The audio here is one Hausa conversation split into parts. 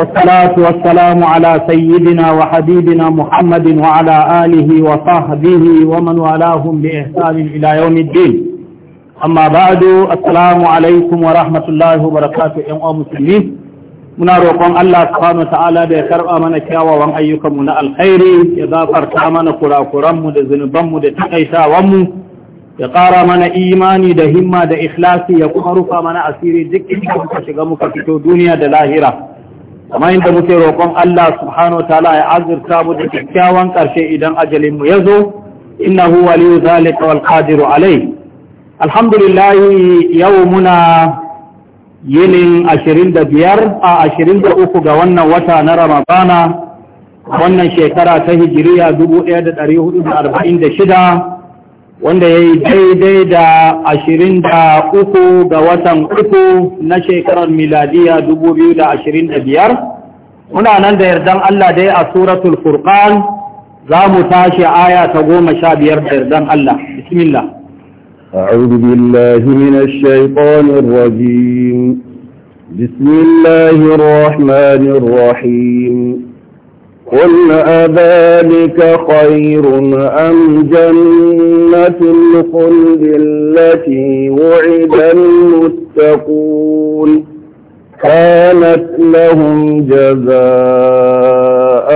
والصلاة والسلام على سيدنا وحبيبنا محمد وعلى آله وصحبه ومن والاهم بإحسان إلى يوم الدين أما بعد السلام عليكم ورحمة الله وبركاته يا مسلمين muna roƙon Allah subhanahu ta'ala da ya karɓa mana kyawawan ayyukanmu na alkhairi ya zafarta mana kurakuranmu da zunubanmu da takaitawanmu ya ƙara mana imani da himma da ikhlasi ya kuma rufa mana asiri duk inda muka shiga muka fito duniya da lahira kamar da muke roƙon Allah subhanahu wa ta'ala ya azurta mu da kyakkyawan ƙarshe idan ajalin mu ya zo innahu waliyu zalika wal qadiru alai alhamdulillah yau muna yinin 25 a 23 ga wannan wata na ramadana wannan shekara ta hijiriya 1446 wanda ya yi daidai da ashirin da uku ga watan uku na shekarar miladiya dubu biyu da ashirin da biyar muna nan da yardan Allah dai a suratul furqan za mu tashi aya ta goma sha biyar da yardan Allah bismillah أعوذ بالله من الشيطان الرجيم بسم الله الرحمن الرحيم قل أذلك خير أم جنة الخلد التي وعد المتقون كانت لهم جزاء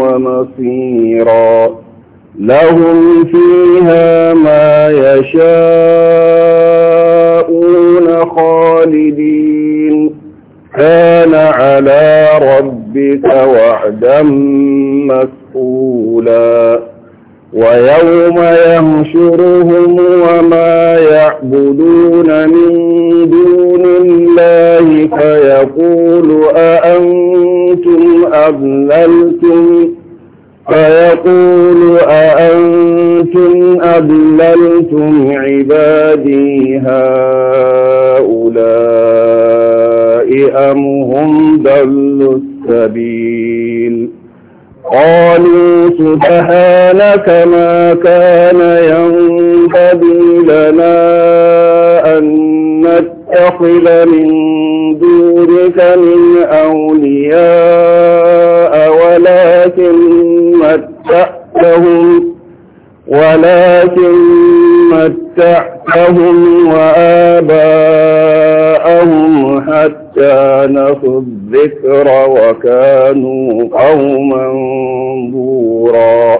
ومصيرا لهم فيها ما يشاءون خالدين كان على ربك وعدا مسئولا ويوم يهشرهم وما يعبدون من دون الله فيقول أأنتم أضللتم فيقول أأنتم أضللتم عبادي هؤلاء أم هم ضلوا السبيل قالوا سبحانك ما كان ينبغي لنا أن نتخذ من دونك من أولياء ولكن متعتهم ولكن متعتهم وآباءهم حتى كانه الذكر وكانوا قوما بورا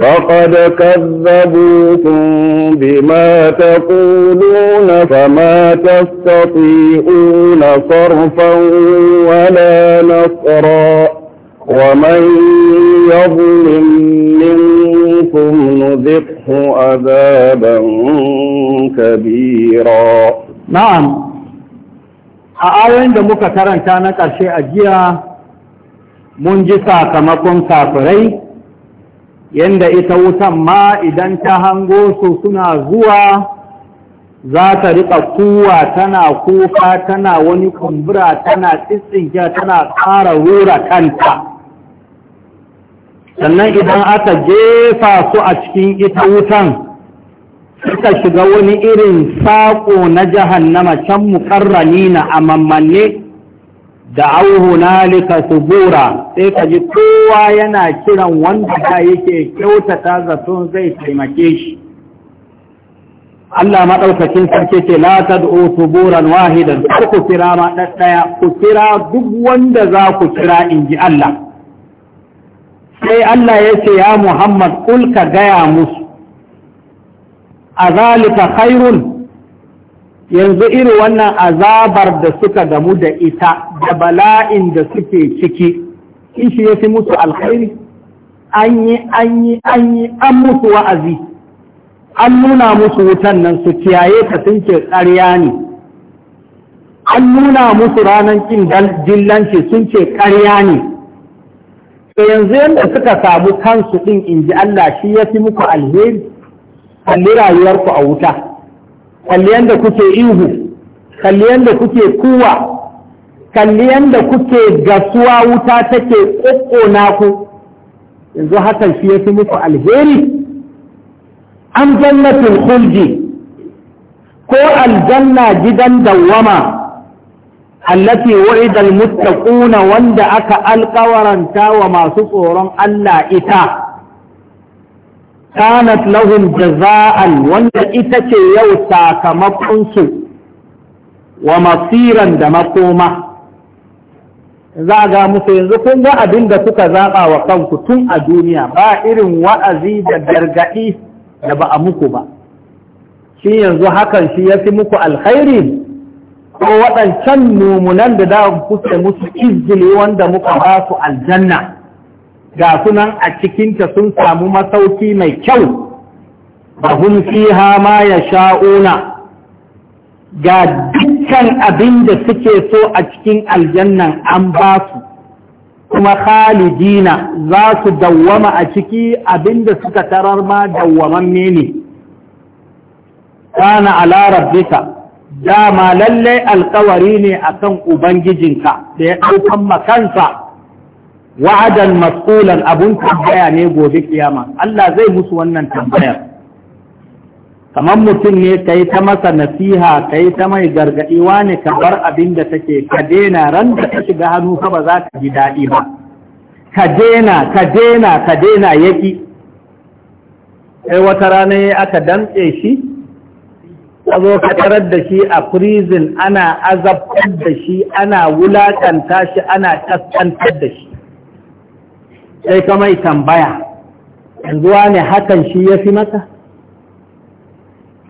فقد كذبوكم بما تقولون فما تستطيعون صرفا ولا نصرا ومن يظلم منكم نذقه عذابا كبيرا نعم a ayoyin da muka karanta na ƙarshe a jiya mun ji sakamakon safirai yadda ita wutan ma idan ta hango su suna zuwa za ta riƙa kuwa tana kuka tana wani kumbura tana tsitsinke tana ƙara rura kanta sannan idan aka jefa su a cikin ita wutan suka shiga wani irin saƙo na jahannama can muƙarrani na amammanne da auhunalika subura sai ka ji kowa yana kiran wanda ta yake kyautata zaton zai taimake shi Allah maɗaukacin sarki ce la tad'u suburan wahidan kar ku kira ma ɗaya ku kira duk wanda za ku kira in ji Allah sai Allah ya ce ya Muhammad kul ka gaya musu a khairun yanzu irin wannan azabar da suka gamu da ita da bala'in da suke ciki in shi ya fi musu alkhairi an yi an yi an yi an musu wa'azi an nuna musu wutan nan su kiyaye ta sun ke ƙarya ne an nuna musu ranar kin jillanci sun ce ƙarya ne yanzu yadda suka samu kansu ɗin in ji Allah shi ya fi muku alheri kalli rayuwarku a wuta kalli yadda kuke ihu kalli yadda kuke kuwa kalli yadda kuke gasuwa wuta take ƙoƙona ku yanzu hakan shi ya fi muku alheri an jannatin hulji ko aljanna gidan dawwama allati wa'idal muttaquna wanda aka alƙawaranta wa masu tsoron Allah ita kanat lahum jaza'an wanda ita ce yau sakamakonsu wa masiran da makoma za ga musu yanzu kun ga abin da kuka zaɓa wa kanku tun a duniya ba irin wa'azi da gargaɗi da ba a muku ba shi yanzu hakan shi ya fi muku alkhairi ko waɗancan mumunan da da kuke musu izgili wanda muka ba su aljanna ga sunan a cikinta sun samu masauki mai kyau ahun fiha ma ya sha'una ga dukkan abin da suke so a cikin aljannan an ba su kuma khalidina za su dawwama a ciki abin da suka tarar ma dawwamamme ne kana ala rabbika dama lallai alkawari ne akan ubangijinka da ya ɗaukan makansa wa'adan maskulan abun tambaya ne gobe kiyama Allah zai musu wannan tambayar kamar mutum ne ka yi ta masa nasiha ka yi ta mai gargaɗi wani ka bar abin da take ka dena ran da ta shiga hannu ka ba za ka ji daɗi ba ka dena ka dena ka dena yaƙi sai wata rana aka damƙe shi ka zo ka tarar da shi a prison ana azabtar da shi ana wulaƙanta shi ana ƙasƙantar da shi sai ka mai tambaya yanzu ne hakan shi ya fi maka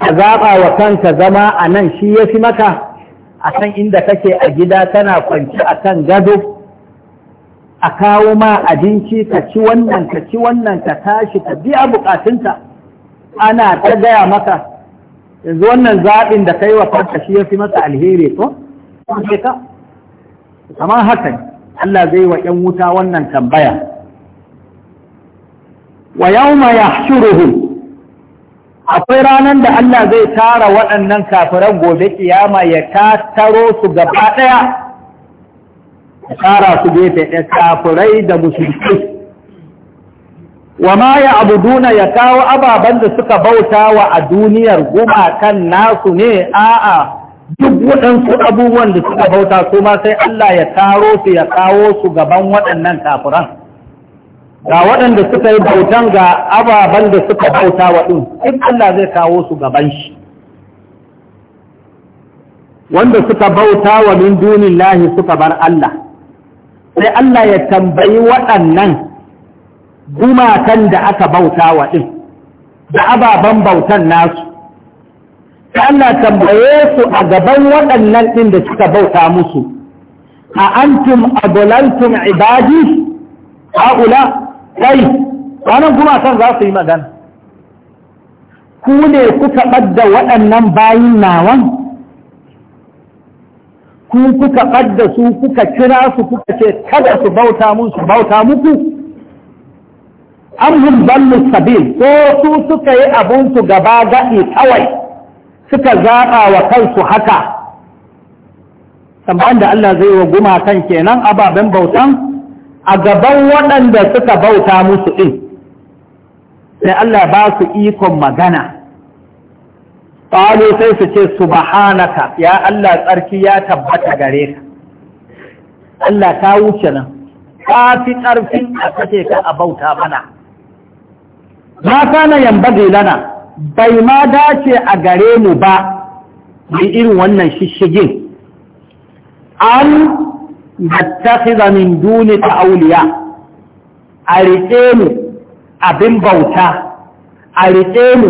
ka zaɓa wa kanka zama a nan shi ya fi maka a kan inda kake a gida tana kwanci a kan gado a kawo ma abinci ka ci wannan ka ci wannan ka tashi ka biya bukatunta ana ta gaya maka yanzu wannan zaɓin da ka yi wa kanka shi ya fi maka alheri ko? Kamar haka Allah zai wa ‘yan wuta wannan tambaya. wa yawma yahshuruhum akwai ranar da Allah zai tara waɗannan kafiran gobe kiyama ya tattaro su gaba ɗaya ya tara su gefe ɗaya kafirai da musulmi wa ma ya abuduna ya kawo ababen da suka bauta wa a duniyar gumakan nasu ne a'a duk waɗansu abubuwan da suka bauta su ma sai Allah ya taro su ya kawo su gaban waɗannan kafiran ga waɗanda suka yi bautan ga ababen da suka bauta wa in Allah zai kawo su gaban shi wanda suka bauta wa min dunin lahi suka bar Allah sai Allah ya tambayi waɗannan gumatan da aka bauta wa da ababen bautan nasu sai Allah tambaye su a gaban waɗannan ɗin da suka bauta musu a antum abulantum ibadi ha'ula kai ranar gumakan za su yi magana ku ne kuka ɓadda waɗannan bayin nawan ku kuka ɓadda su kuka kira su kuka ce kada su bauta mun su bauta muku an hun ballu sabil ko su suka yi su gaba gaɗi kawai suka zaɓa wa kansu haka tambayan da Allah zai wa gumakan kenan ababen bautan a gaban waɗanda suka bauta musu ɗin sai Allah ba su ikon magana ƙwalo sai su ce subhanaka ya Allah tsarki ya tabbata gare ka Allah ta wuce nan ka fi ƙarfin a kake ka a bauta mana ma na yamba lana bai ma dace a gare mu ba mai irin wannan shishigin an nattakhidha min ta auliya a riƙe mu abin bauta a riƙe mu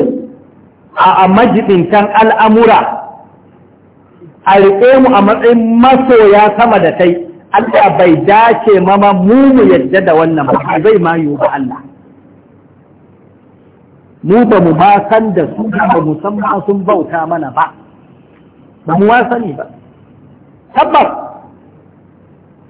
a majibintan al'amura a riƙe mu a matsayin masoya sama da kai Allah bai dace mama mu mu yadda da wannan ba zai ma yiwu ba Allah mu ba mu ba san da su ba mu san ba sun bauta mana ba ba mu ma sani ba tabbas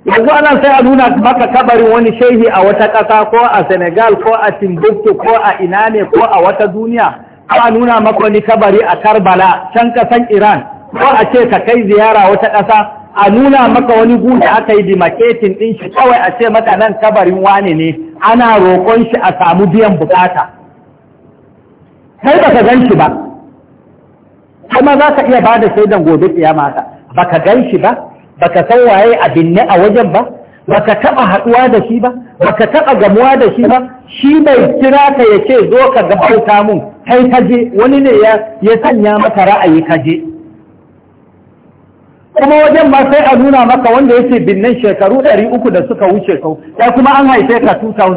yanzu ana sai a nuna maka kabarin wani shehi a wata ƙasa ko a senegal ko a timbuktu ko a ina ne ko a wata duniya a nuna maka wani kabari a karbala can ƙasan iran ko a ce ka kai ziyara wata ƙasa a nuna maka wani guda aka yi dimaketin ɗin shi kawai a ce maka nan kabarin wane ne ana roƙon shi a samu biyan bukata kai baka gan shi ba kuma za ka iya ba da shaidan gobe tsiyama ka baka gan shi ba baka san waye a binne a wajen ba Ba ka taɓa haɗuwa da shi ba Ba ka taɓa gamuwa da shi ba shi bai kira ka ya ce zo ka gabauta mun kai ka je wani ne ya sanya maka ra'ayi ka je kuma wajen ma sai a nuna maka wanda yake binnan shekaru ɗari uku da suka wuce kau ya kuma an haife ka 2000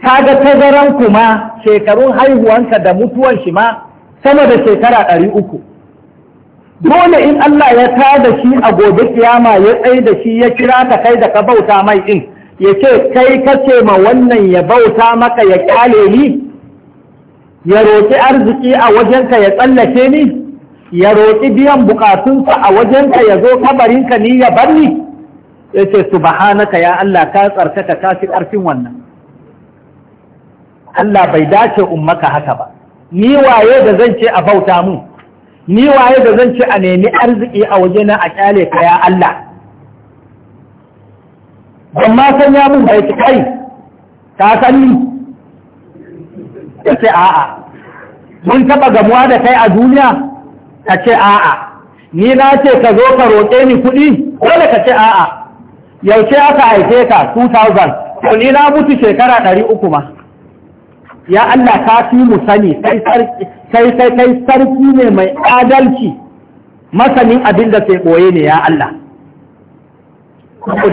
ga tazaran kuma shekarun haihuwanka da mutuwan shi ma sama da shekara ɗari uku. dole in Allah ya da shi a gobe kiyama ya tsaye da shi ya kira ka kai da ka bauta mai in ya ce kai ka ce ma wannan ya bauta maka ya kyale ni ya roƙi arziki a wajenka ya tsallake ni ya roƙi biyan bukatunsa a wajenka ya zo kabarinka ni ya bar ni ya ce subhanaka ya Allah ka tsarkaka ka fi ƙarfin wannan Allah bai dace ummaka haka ba ni waye da zan ce a bauta mu ni waye da zan ci a nemi arziki a waje na a kyale ka ya Allah ban san ya mun bai kai ka san ni ce a'a mun taba gamuwa da kai a duniya ka ce a'a ni na ce ka zo ka roƙe ni kuɗi dole ka ce a'a yaushe aka haife ka 2000 to ni na mutu shekara 300 ma ya Allah ka fi mu sani sai sarki kai kai kai sarki ne mai adalci masanin abin da sai ɓoye ne ya Allah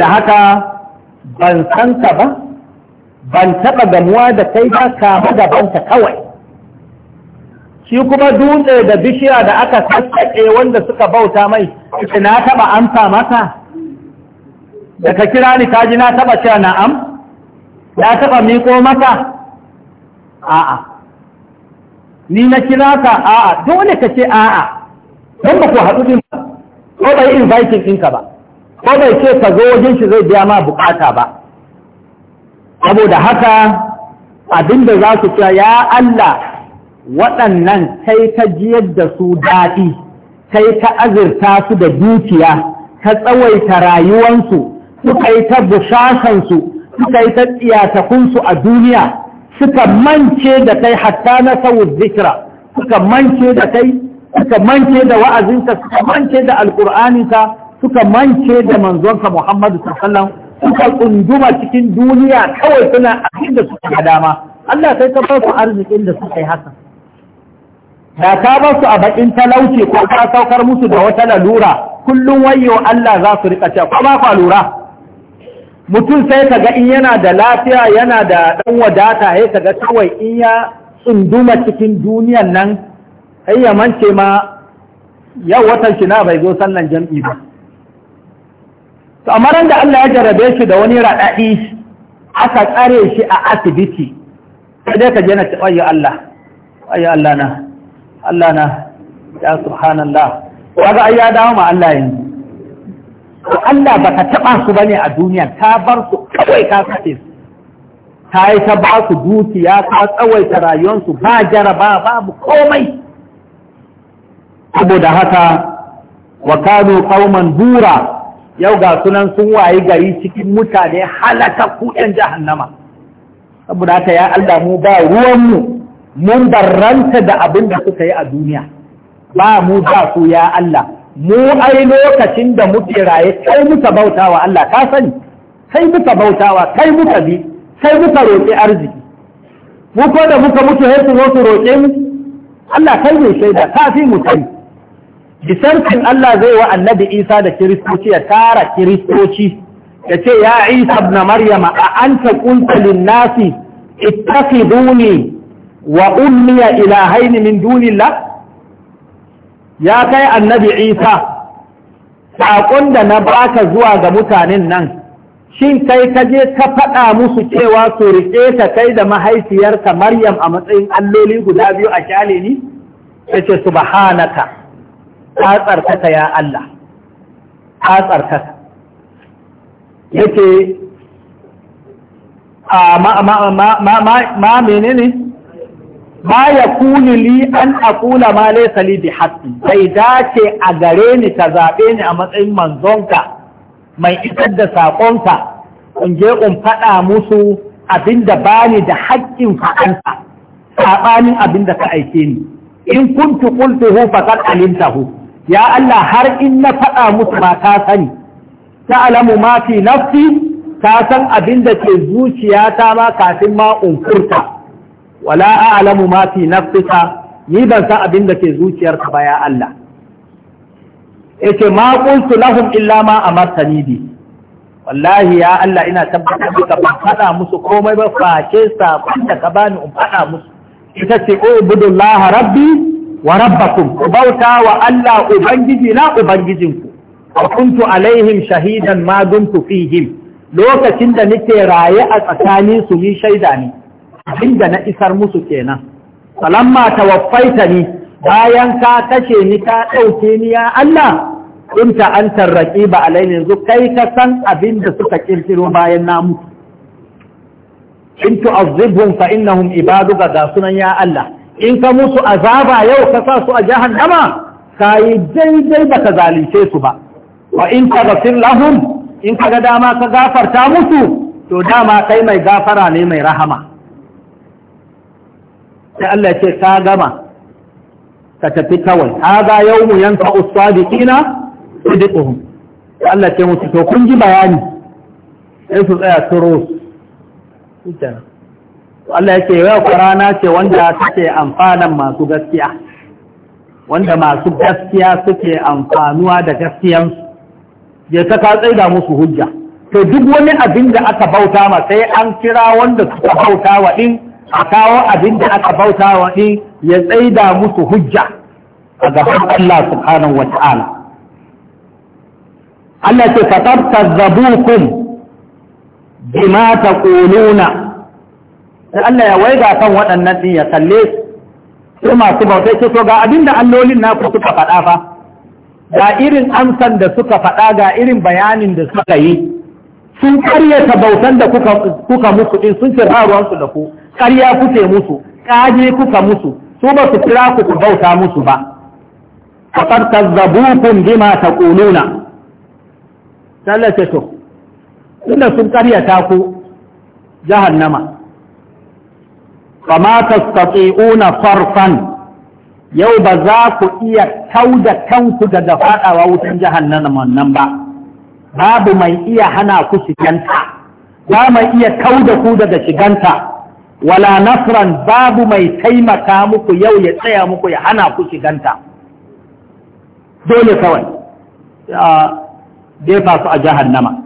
da haka ban san ka ba ban taɓa gamuwa da kai ba kama da banta kawai shi kuma dutse da bishiya da aka sassaƙe wanda suka bauta mai na taɓa amsa masa da ka kira ni kaji na taɓa cewa na'am ya taɓa miko maka a'a ni na kira ka a'a dole ka ce a'a don ba ku haɗu din ba ko bai inviting ɗinka ba ko bai ce ka zo wajen shi zai biya ma bukata ba saboda haka abinda za su ce ya Allah waɗannan kai ta jiyar da su daɗi kai ta azurta su da dukiya ta tsawaita rayuwansu su yi ta bushashansu su yi ta tsiyatakunsu a duniya suka mance da kai hatta na sawu zikra suka mance da kai suka mance da wa'azinka suka mance da alqur'aninka suka mance da manzonka Muhammadu sallallahu suka tsunduma cikin duniya kawai suna abin da suka ga dama Allah sai ka ba su arzikin da suka yi haka da ka ba su a bakin talauci ko ka saukar musu da wata lalura kullum wayo Allah za su rika cewa ba ku lura mutum sai kaga in yana da lafiya yana da ɗan wadata sai ka kawai in ya tsunduma cikin duniyan nan sai ya mance ma yau watan shi na bai zo sannan jam'i ba to amma ran da Allah ya jarabe shi da wani raɗaɗi aka tsare shi a asibiti sai dai ka je na ayyo Allah ayyo Allah na Allah na ya subhanallah kaga ai ya dawo ma Allah yanzu to Allah ba ka taɓa su ba ne a duniya ta bar su kawai ka kace su ta yi ta ba su dukiya ta tsawaita rayuwarsu ba jaraba babu komai saboda haka wa kanu qauman bura yau ga sunan sun wayi gari cikin mutane halaka ku ɗan jahannama saboda haka ya Allah mu ba ruwanmu mun barranta da abin da suka yi a duniya ba mu ba su ya Allah mu ai lokacin da muke raye kai muka bautawa Allah ka sani kai muka bautawa kai muka bi kai muka roƙi arziki mu ko da muka mutu sai su su roƙe mu Allah kai ne shaida ka fi mu kai bisarkin Allah zai wa annabi Isa da kiristoci ya tara kiristoci ya ce ya Isa ibn Maryama a anta qulta lin-nasi ittakhiduni wa ummiya ilahaini min dunillah ya kai annabi isa saƙon da na baka zuwa ga mutanen nan shin kai ka je ka faɗa musu cewa su riƙe ta kai da mahaifiyarka maryam a matsayin alloli guda biyu a kyale ni ya ce subhanaka ka tsarkaka ya allah ka tsarkaka ya ce ma menene ma ya kuni li an akula ma laysa li bihaqqi Sai dace a gare ni ka zaɓe ni a matsayin manzonka mai isar da saƙonka in je in faɗa musu abinda bani da haƙƙin faɗansa saɓanin abinda ka aike ni in kuntu qultuhu faqad alimtahu ya Allah har in na faɗa musu ma ka sani alamu ma fi nafsi ta san abinda ke zuciyata ma kafin ma in furta wala a'lamu ma fi nafsika ni ban san abin da ke zuciyarka ba ya Allah yace ma qultu lahum illa ma amartani bi wallahi ya Allah ina tabbata maka ban fada musu komai ba face sakon da ka bani in fada musu ita ce ubudullaha rabbi wa rabbakum ku bauta wa Allah ubangiji na ubangijinku wa kuntu alaihim shahidan ma dumtu fihim lokacin da nake raye a tsakanin su ni shaida ne abinda na isar musu kenan ta tawaffaita ni bayan ka kashe ni ka ɗauke ni ya Allah kunta an tarraki ba ne yanzu kai ka san abin da suka kirkiro bayan na mutu in tu'azzibhum fa innahum ibadu ga sunan ya Allah in ka musu azaba yau ka sa su a jahannama ka yi daidai ba ka zalunce su ba wa in ka fin lahum in kaga dama ka gafarta musu to dama kai mai gafara ne mai rahama sai Allah ce ka gama ka tafi kawai haza yawmu yanfa usadiqina sidiquhum sai Allah ce musu to kun ji bayani sai su tsaya su to Allah ya ce yau rana ce wanda take amfanan masu gaskiya wanda masu gaskiya suke amfanuwa da gaskiyansu je ta ka tsaida musu hujja to duk wani abin da aka bauta ma sai an kira wanda suka bauta wa din a kawo abin da aka bauta wa ɗi ya tsaida musu hujja a gaban Allah subhanahu wa ta'ala Allah ce fatar tazzabukum bima taquluna sai Allah ya waiga kan waɗannan ɗin ya kalle sai masu bautai ce ga abin da allolin naku suka faɗa fa ga irin amsan da suka faɗa ga irin bayanin da suka yi sun karyata bautan da kuka musu ɗin sun ce ruwansu da ku ƙarya kuke musu ƙaji kuka musu su ba su kira ku ku bauta musu ba faqad kazzabukum bima taquluna Allah ce to tunda sun ƙaryata ku jahannama Kama tastati'una farfan yau ba za ku iya da kanku daga faɗawa wutan jahannama nan ba babu mai iya hana ku shiganta ba mai iya da ku daga shiganta wala nasran babu mai taimaka muku yau ya tsaya muku ya hana ku shiganta dole kawai jefa su a jahannama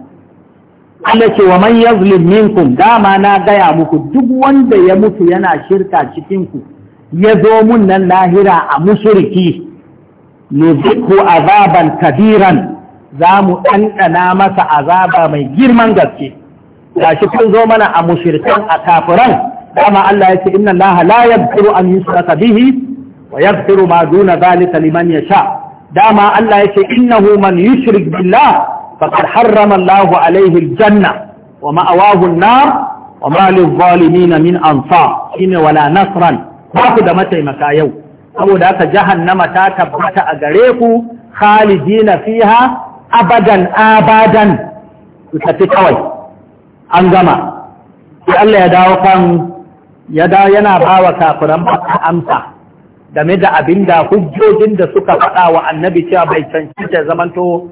Allah ce wa man yazlim minkum dama na gaya muku duk wanda ya mutu yana shirka cikin ku ya zo mun nan lahira a mushriki nuziku azaban kabiran za mu ɗanɗana masa azaba mai girman gaske gashi kun zo mana a mushrikan a kafiran dama Allah ya ce inna Allah la yaghfiru an yushraka bihi wa yaghfiru ma duna ya liman yasha dama Allah ya ce innahu man yushrik billah faqad harrama Allah alayhi aljanna wa ma'awahu an-nar wa ma lil min ansar shine wala nasran ba ku da mataimaka yau saboda haka jahannama ta tabbata a gare ku khalidina fiha abadan abadan ku tafi kawai an gama sai Allah ya dawo kan ya da yana ba wa kafiran maka amsa game da abin da hujjojin da suka faɗa wa annabi cewa bai canci da zamanto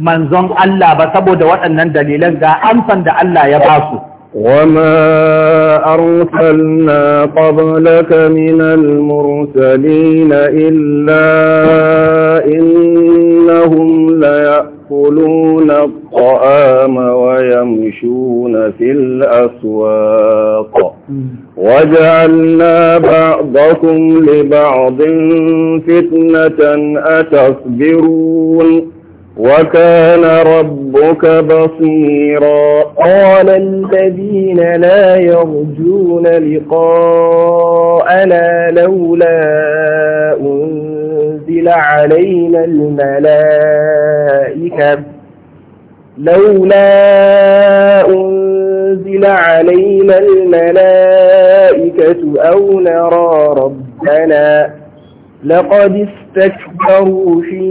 manzon Allah ba saboda waɗannan dalilan ga amsan da Allah ya ba su. وما أرسلنا قبلك من المرسلين إلا إنهم ليأكلون الطعام ويمشون في الأسواق وجعلنا بعضكم لبعض فتنة أتصبرون وكان ربك بصيرا قال الذين لا يرجون لقاءنا لولا أنزل علينا الملائكة لولا أنزل تنزل علينا الملائكة أو نرى ربنا لقد استكبروا في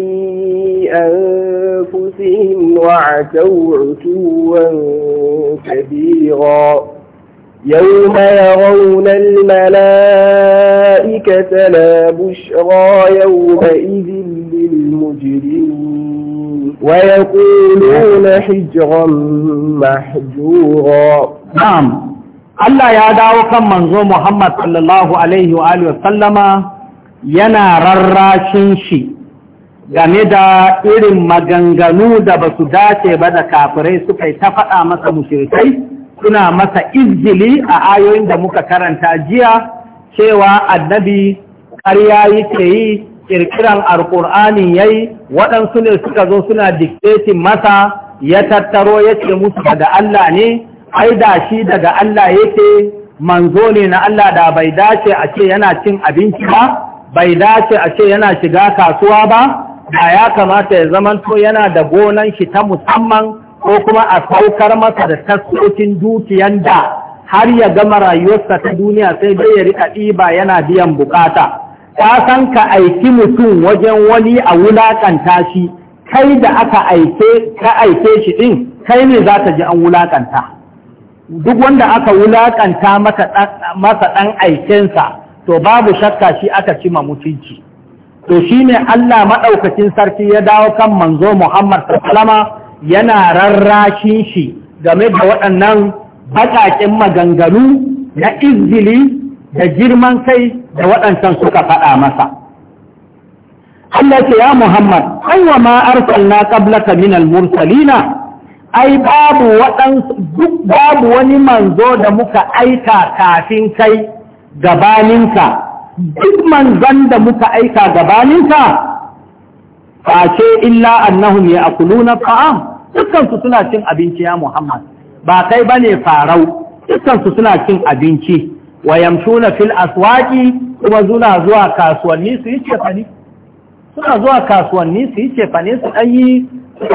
أنفسهم وعتوا عتوا كبيرا يوم يرون الملائكة لا بشرى يومئذ للمجرمين ويقولون حجرا محجورا نعم Allah ya dawo kan manzo Muhammad sallallahu Alaihi wa sallama yana rarrashin shi game da irin maganganu da ba su dace ba da kafirai suka yi ta faɗa masa mushirikai suna masa izgili a ayoyin da muka karanta jiya cewa annabi ƙarya yake yi kirkiran alkur'ani yayi waɗansu ne suka zo suna diktetin masa ya tattaro ya ce musu daga Allah ne ai da shi daga Allah yake manzo ne na Allah da bai dace a ce yana cin abinci ba bai dace a ce yana shiga kasuwa ba da ya kamata ya zamanto yana da gonan shi ta musamman ko kuma a saukar masa da tasirocin dukiyan da har ya gama rayuwarsa ta duniya sai dai ya riƙa ɗiba yana biyan bukata ka san ka aiki mutum wajen wani a wulaƙanta shi kai da aka aike ka aike shi ɗin kai ne za ta ji an wulaƙanta duk wanda aka wulaƙanta masa ɗan aikensa to babu shakka shi aka ci ma mutunci to shi ne Allah maɗaukacin sarki ya dawo kan manzo Muhammad sallama yana rarrashin shi game da waɗannan baƙaƙen maganganu na izgili da girman kai da waɗancan suka faɗa masa Allah ce ya Muhammad an wa ma arsalna qablaka min al-mursalina ai babu waɗansu duk babu wani manzo da muka aika kafin kai gabaninka duk manzon da muka aika gabaninka Fashe illa annahum ya'kuluna ta'am dukkan su suna cin abinci ya Muhammad ba kai bane farau dukansu suna cin abinci wa yamshuna fil aswaqi kuma suna zuwa kasuwanni su yi cefani suna zuwa kasuwanni su yi cefani su dan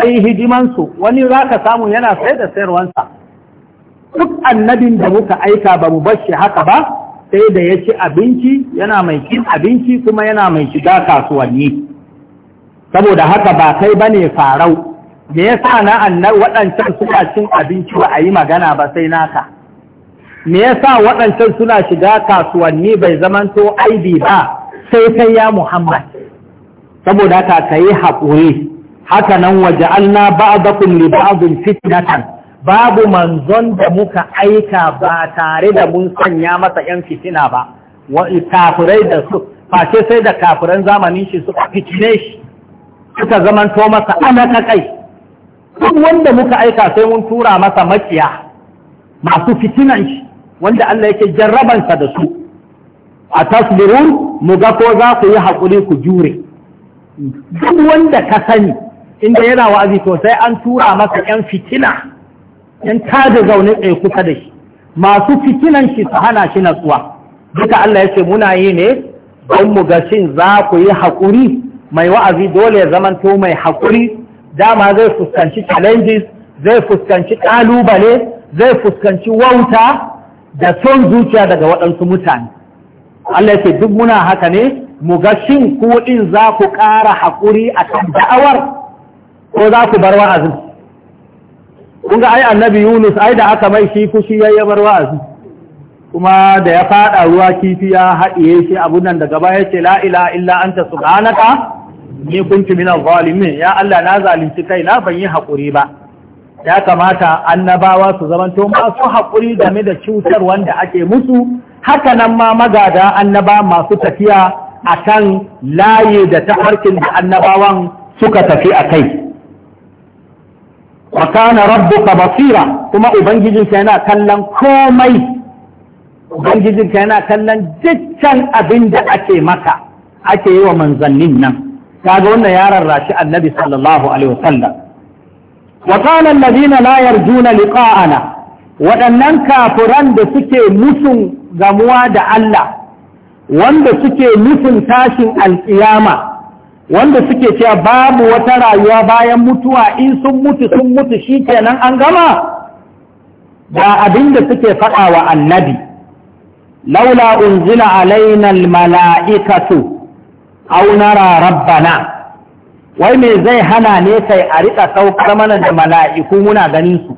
yi hidimansu wani za ka samu yana sai da sayarwansa duk annabin da muka aika ba mu bashi haka ba sai da ya ci abinci yana mai kin abinci kuma yana mai shiga kasuwanni saboda haka ba kai ba ne farau Me ya sa na waɗancan suka cin abinci ba a yi magana ba sai naka me yasa waɗancan suna shiga kasuwanni bai zamanto aibi ba sai sai ya Muhammad saboda haka kai haƙuri haka nan waja'alna ba'dakum li ba'din fitnatan babu manzon da muka aika ba tare da mun sanya masa yan fitina ba wa kafirai da su face sai da kafiran zamanin shi suka fitine shi suka zamanto masa anaka kai duk wanda muka aika sai mun tura masa makiya masu fitinan shi wanda Allah yake jarrabansa da su a tasbirun mu ga ko za ku yi haƙuri ku jure duk wanda ka sani inda yana wa'azi to sai an tura masa yan fitina yan tada zaune tsaye kusa da shi masu fitinan shi su hana shi natsuwa duka Allah yake muna yi ne don mu ga shin za ku yi haƙuri mai wa'azi dole ya zamanto mai haƙuri dama zai fuskanci challenges zai fuskanci ƙalubale zai fuskanci wauta da son zuciya daga waɗansu mutane Allah ce duk muna haka ne mu ga shin kuɗin za ku ƙara haƙuri a kan da'awar ko za ku bar wa'azin kun ga ai annabi Yunus ai da aka mai shi fushi ya bar wa'azi kuma da ya faɗa ruwa kifi ya haɗiye shi abun nan daga baya ce la ilaha illa anta subhanaka ni kuntu minal zalimin ya Allah na zalunci kaina ban yi haƙuri ba ya kamata annabawa su zamanto masu haƙuri game da cutar wanda ake musu hakanan ma magada annaba masu tafiya a kan layi da ta harkin da annabawan suka tafi a kai makana rabbuka basira kuma ubangijinka yana kallon komai ubangijinka yana kallon dukkan abin da ake maka ake yi wa manzannin nan kaga wannan ya Rashi annabi sallallahu alaihi wasallam وقال الذين لا يرجون لقاءنا waɗannan kafiran da suke musun gamuwa da Allah wanda suke musun tashin alƙiyama wanda suke cewa babu wata rayuwa bayan mutuwa in sun mutu sun mutu shi kenan an gama da abin da suke faɗa wa annabi laula unzila alaina mala'ikatu, aw nara rabbana wai me zai hana ne kai a riƙa saukar mana da mala'iku muna ganin su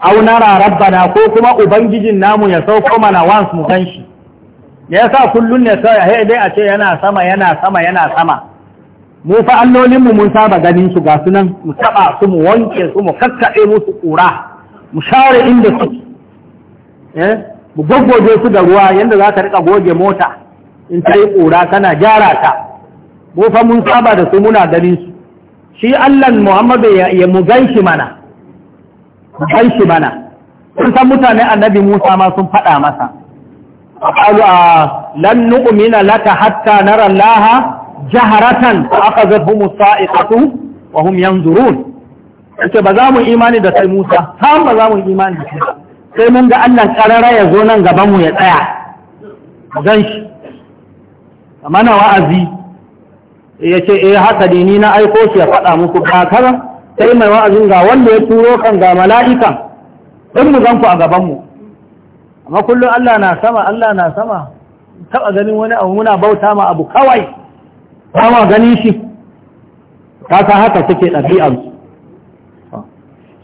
aunara rabbana ko kuma ubangijin namu ya sauko mana wansu mu gan shi ya sa kullum ne sai dai a ce yana sama yana sama yana sama mu fa allolinmu mun saba ganin su ga sunan mu taɓa su mu wanke su mu kakkaɗe musu ƙura mu share inda su eh? mu gaggoje su da ruwa yadda za ka riƙa goge mota in ta yi ƙura kana gyara ta mu fa mun saba da su muna ganin su shi allan Muhammadu ya mu ganshi mana ganshi mana sun san mutane annabi Musa ma sun faɗa masa qalu lan nu'mina laka hatta nara Allah jaharatan fa akhadhahum sa'iqatu wa hum yanzurun yace ba za mu imani da kai Musa har ba za mu imani da kai sai mun ga Allah karara ya zo nan gaban mu ya tsaya zan amana wa'azi ya ce eh haka ne ni na aiko shi ya faɗa muku ba sai mai wa'azin ga wanda ya turo kan ga mala'ika in mu zan ku a gaban mu amma kullum Allah na sama Allah na sama taɓa ganin wani abu muna bauta ma abu kawai ba ma ganin shi ka san haka suke ɗabi'ar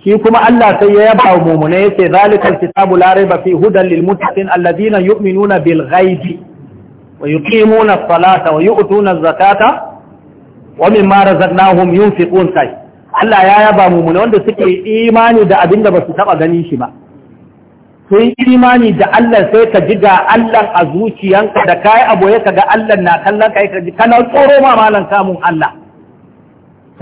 shi kuma Allah sai ya yaba wa mumune yace zalikal kitabu la raiba fi hudan lil muttaqin alladhina yu'minuna bil ghaibi wa yuqimuna as-salata wa yu'tuna az-zakata wa mimma razaqnahum yunfiqun kai Allah ya yaba mu ne wanda suke imani da abin da basu taba ganin shi ba sun imani da Allah sai ka ji ga Allah a zuciyanka da kai aboye ka ga Allah na kallon kai ka ji kana tsoro ma malan samun Allah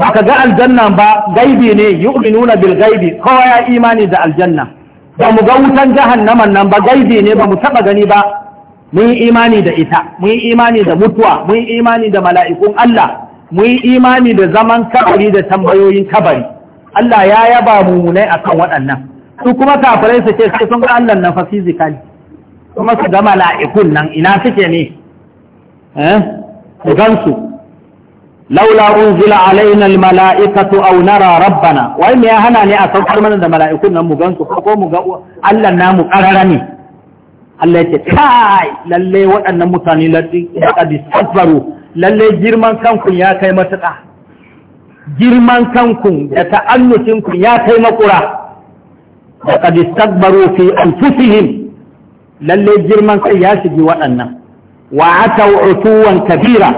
ba ka ga aljanna ba gaibi ne yu'minuna bil gaibi kowa ya imani da aljanna ba mu ga wutan jahannaman nan ba gaibi ne ba mu taba gani ba mun imani da ita mun imani da mutuwa mun imani da mala'ikun Allah mu yi imani da zaman kabari da tambayoyin kabari Allah ya yaba a akan waɗannan su kuma kafirai su ce su sun ga Allah na fa physically kuma su ga mala'ikun nan ina suke ne eh su gansu laula unzila alaina almala'ikatu aw nara rabbana wai me ya hana ne a saukar mana da mala'ikun nan mu gansu ko mu ga Allah mu karara ne Allah ya ce kai lalle waɗannan mutane ladi da sabaru lallai girman kanku ya kai matuƙa girman kanku da ta'annutinku ya kai makura da qad istakbaru fi anfusihim lallai girman kai ya shigi waɗannan wa atau utuwan kabira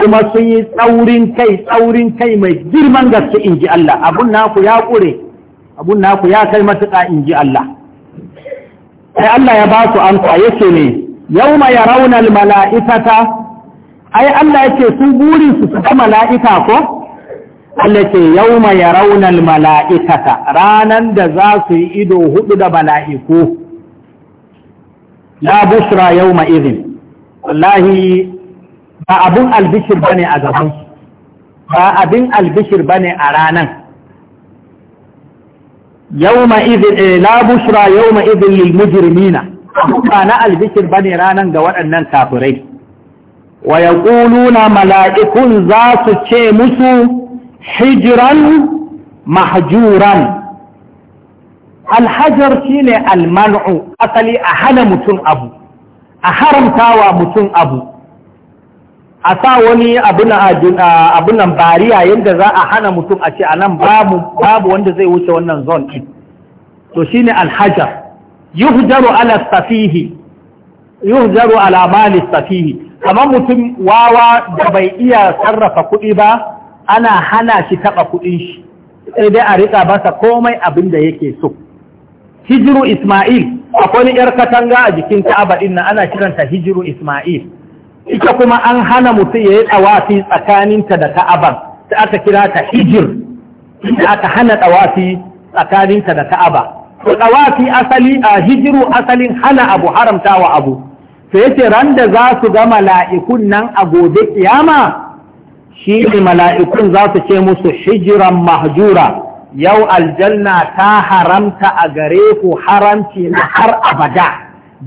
kuma sun yi tsaurin kai tsaurin kai mai girman gaske ji Allah abun naku ya kure abun naku ya kai matuƙa ji Allah sai Allah ya ba su amsa yace ne yawma yarawna al mala'ikata ai Allah yake sun burin su su mala'ika ko Allah ce yau mai raunar mala'ikata Ranar da za su yi ido hudu da mala'iku la bushra yauma izin. wallahi ba abin albishir bane a gaban ba abin albishir bane a ranan yauma idhin eh, la bushra yauma izin lil mujrimina ba na albishir bane ranan ga waɗannan kafirai wa yaquluna mala'ikun za su ce musu hijiran mahjuran alhajar shine alman'u asali a hana mutum abu a haramtawa mutum abu a sa wani abunan bariya yadda za a hana mutum a ce a nan babu wanda zai wuce wannan zon ɗin to shine alhajar yuhjaru ala safihi yuhjaru ala mali safihi kamar mutum wawa da bai iya sarrafa kuɗi ba ana hana shi taɓa kuɗin shi sai dai a riƙa masa komai abin da yake so hijiru isma'il akwai yar katanga a jikin ka'aba din nan ana kiranta hijiru isma'il ita kuma an hana mutum ya yi tsawafi tsakaninta da ka'aban sai aka kira ta hijir da aka hana tsawafi tsakaninta da ka'aba to tsawafi asali a hijiru asalin hana abu haramtawa abu Sai yace ran da za su ga mala'ikun nan a gobe kiyama shi ne mala'ikun za su ce musu hijiran mahjura yau aljanna ta haramta a gare ku haramci na har abada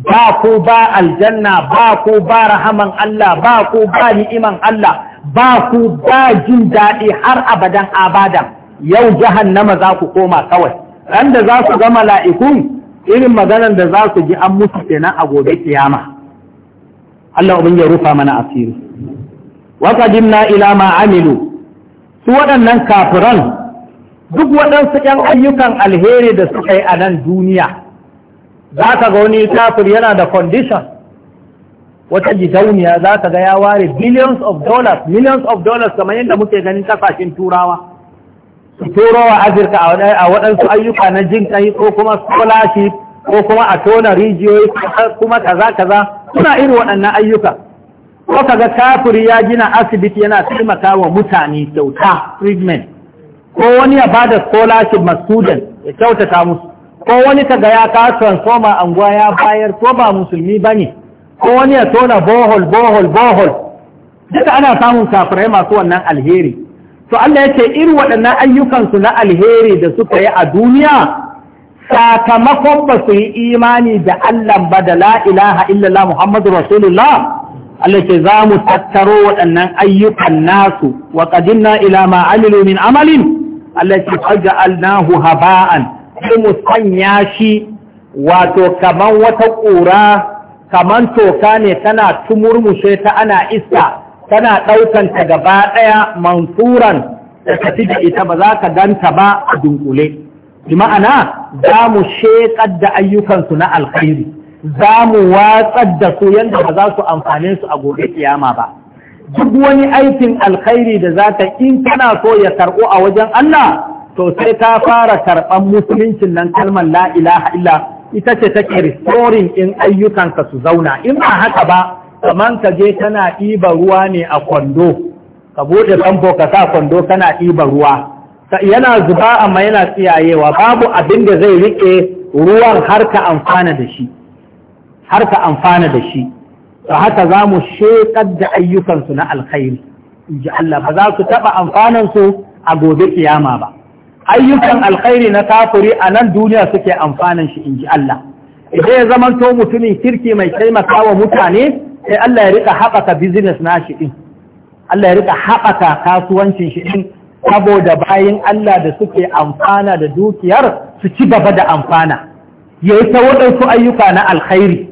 ba ku ba aljanna ba ku ba rahaman Allah ba ku ba ni'iman Allah ba ku ba jin daɗi har abadan abadan yau jahannama za ku koma kawai ran da za su ga mala'ikun irin maganar da za su ji an musu kenan a gobe kiyama Allah ubin ya rufa mana asiri wa qadimna ila ma amilu su waɗannan kafiran duk waɗansu ƴan ayyukan alheri da suka yi a nan duniya za ka ga wani kafir yana da condition wata gidauniya za ka ga ya ware billions of dollars millions of dollars kamar yadda muke ganin kasashen turawa su turo wa afirka a waɗansu ayyuka na jin ƙai ko kuma scholarship ko kuma a tona rijiyoyi kuma kaza kaza suna irin waɗannan ayyuka ko kaga kafiri ya gina asibiti yana taimaka wa mutane kyauta treatment ko wani ya da scholarship ma student ya kyautata musu ko wani kaga ya ka transformer anguwa ya bayar ko ba musulmi bane ko wani ya tona bohol bohol bohol duka ana samun kafirai masu wannan alheri to Allah ya ce irin waɗannan ayyukansu na alheri da suka yi a duniya sakamakon ba su yi imani da Allah ba da la ilaha illallah Muhammadu Rasulullah Allah ce za mu tattaro waɗannan ayyukan nasu wa qadimna ila ma amilu min amalin Allah ce faja'alnahu haba'an sai mu sanya shi wato kaman wata ƙura kaman toka ne tana tumurmushe ta ana iska tana ɗaukanta gaba ɗaya mansuran da tafi da ita ba za ka ganta ba a dunkule. bi ma'ana za mu sheƙar da ayyukansu na alkhairi za mu watsar da su yadda ba za su amfane su a gobe kiyama ba duk wani aikin alkhairi da za ta in kana so ya karɓo a wajen Allah to sai ta fara karɓan musuluncin nan kalmar la ilaha illa ita ce take restoring in ayyukanka su zauna in ba haka ba kaman ka je kana ɗiba ruwa ne a kwando ka bude famfo ka sa kwando kana ɗiba ruwa yana zuba amma yana tsiyayewa babu abin da zai rike ruwan har ka amfana da shi har ka amfana da shi to haka za mu shekar da ayyukansu na alkhairi in ji Allah ba za su taɓa amfanansu a gobe kiyama ba ayyukan alkhairi na kafuri a nan duniya suke amfanan shi in ji Allah idan ya zama to mutumin kirki mai taimaka wa mutane sai Allah ya rika haɓaka business na shi din Allah ya rika haɓaka kasuwancin shi din saboda bayan Allah da suke amfana da dukiyar su ci gaba da amfana ya yi ta waɗansu ayyuka na alkhairi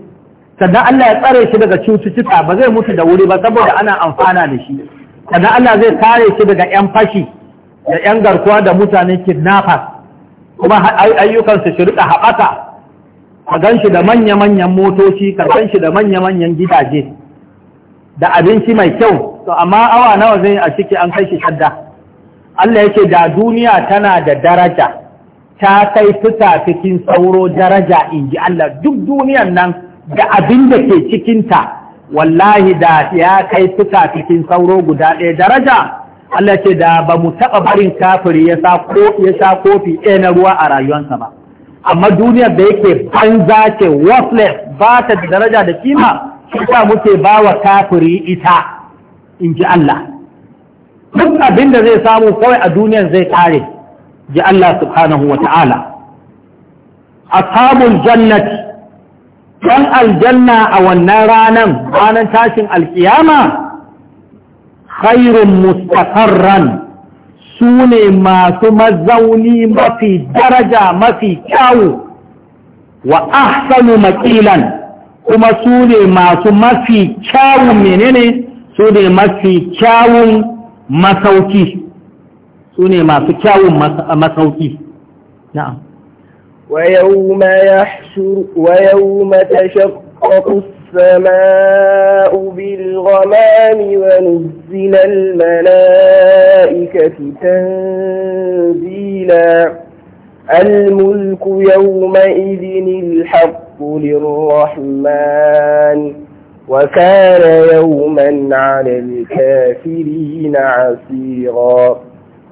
sannan Allah ya tsare shi daga cututtuka ba zai mutu da wuri ba saboda ana amfana da shi sannan Allah zai kare shi daga 'yan fashi da 'yan garkuwa da mutanen kidnappers kuma ayyukansu shi rika haɓaka ka gan shi da manya-manyan motoci ka gan shi da manya-manyan gidaje da abinci mai kyau to amma awa nawa zai a ciki an kai shi shadda Allah yake da duniya tana da daraja ta kai cikin sauro daraja in ji Allah duk duniyan nan da abin da ke cikinta wallahi da ya kai fita cikin sauro guda ɗaya daraja Allah ce da ba mu taɓa barin kafiri ya sa kofi ɗaya na ruwa a rayuwansa ba amma duniyar da yake banza ce worthless ba ta da daraja da kima shi muke ba wa kafiri ita in ji Allah duk abin da zai samu kawai a duniyan zai kare ji Allah subhanahu wa ta'ala samun jannat, ɗan aljanna a wannan ranan ranan tashin alkiyama khairun mustaqarran sune masu mazauni mafi daraja mafi kyawu wa ahsanu Maƙilan kuma sune masu mafi kyawun menene sune mafi kyawun masauki su ne masu kyawun masauki na'am ويوم يحشر ويوم تشقق السماء بالغمام ونزل الملائكة تنزيلا الملك يومئذ الحق للرحمن وكان يوما على الكافرين عسيرا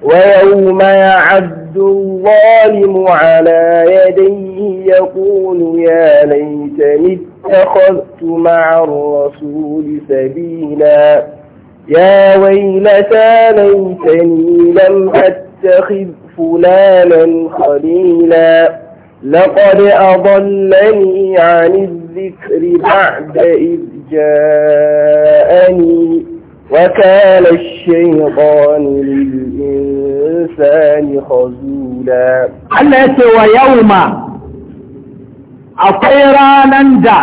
ويوم يعد الظالم على يديه يقول يا ليتني اتخذت مع الرسول سبيلا يا ويلتى ليتني لم أتخذ فلانا خليلا لقد أضلني عن الذكر بعد إذ جاءني وكان الشيطان للإنسان خزولا الله يتوى يوما أطيرانا دا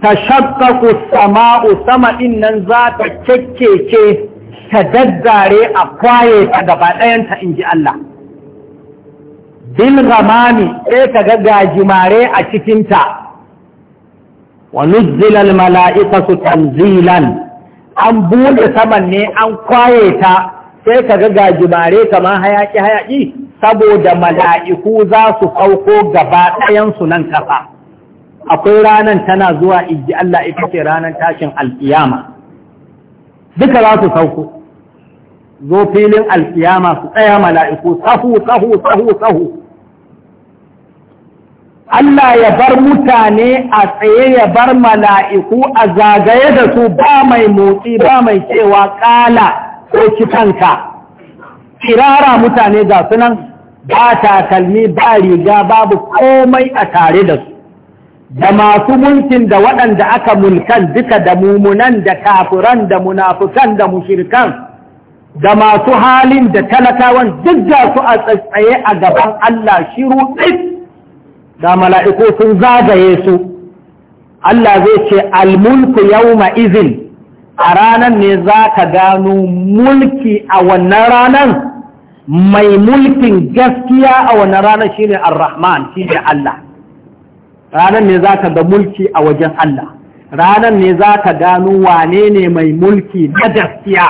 tashaqqaqu as-sama'u sama'in nan za ta kekkece ta daddare a kwaye ta gaba ɗayanta in ji Allah bil ghamami ga gajimare a cikinta wa nuzzilal mala'ikatu tanzilan an buɗe saman ne an kwaye ta sai ka ga gajimare kamar hayaki hayaki saboda mala'iku za su sauko gaba ɗayan su nan kafa akwai ranan tana zuwa iji Allah ita ce ranan tashin alkiyama duka za su sauko zo filin alkiyama su tsaya mala'iku sahu sahu sahu sahu Allah ya bar mutane a tsaye ya bar mala'iku a zagaye da su ba mai motsi ba mai cewa ƙala ko cikanka. Kirara mutane ga sunan ba takalmi ba riga babu komai a tare da su. Da masu mulkin da waɗanda aka mulkan duka da mumunan da kafuran da munafukan da mushirkan da masu halin da talakawan duk da su a tsaye a gaban Allah shiru ɗin da mala'iku sun zagaye su Allah zai ce almulku yawma izin a ranar ne za ka gano mulki a wannan ranar mai mulkin gaskiya a wannan ranar shine al rahman shi ne Allah ranar ne za ka ga mulki a wajen Allah ranar ne za ka gano wane ne mai mulki na gaskiya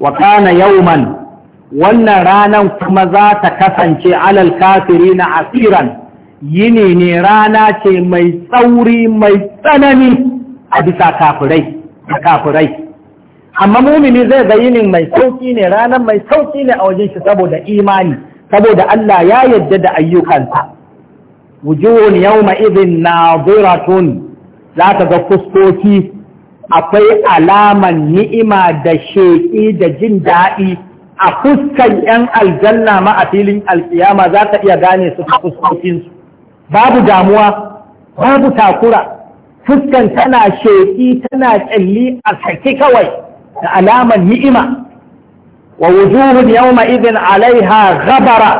wa kana yauman wannan ranan kuma za ta kasance alal kafiri na asiran yini ne rana ce mai tsauri mai tsanani a bisa kafirai da amma mumini zai ga yini mai sauki ne ranar mai sauki ne a wajen shi saboda imani saboda Allah ya yadda da ayyukansa wujuhun izin na nadiratun za ka ga fuskoki akwai alaman ni'ima da sheƙi da jin daɗi a fuskan ‘yan aljanna ma a filin alkiyama za ka iya gane su a fuskokinsu babu damuwa babu takura fuskan tana sheƙi tana ƙyalli a saki kawai da alamar ni'ima wa wujuhun yawma idin alaiha ghabara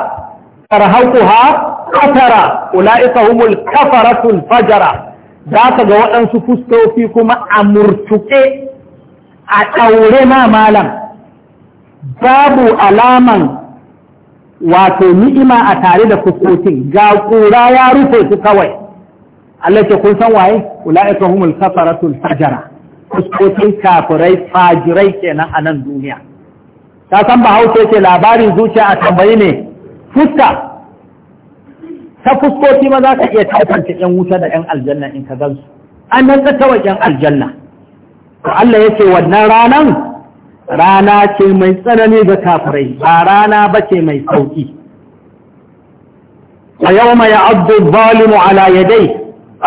tarhaquha qatara ulaika humul kafaratul fajara za ka ga waɗansu fuskoki kuma a murtuƙe a ɗaure ma malam babu alaman wato ni'ima a tare da fuskokin ga kura ya rufe su kawai Allah ce kun san waye ula'ika humul kafaratul fajara fuskokin kafirai fajirai kenan a nan duniya ta san ba hausa ce labarin zuciya a tambayi ne fuska ta fuskoki ma za ka iya tafanta yan wuta da yan aljanna in ka gansu an nan kawai yan aljanna to Allah ya ce wannan ranan rana ce mai tsanani ga kafirai ba rana ba ce mai sauki a yau mai abu zalimu ala a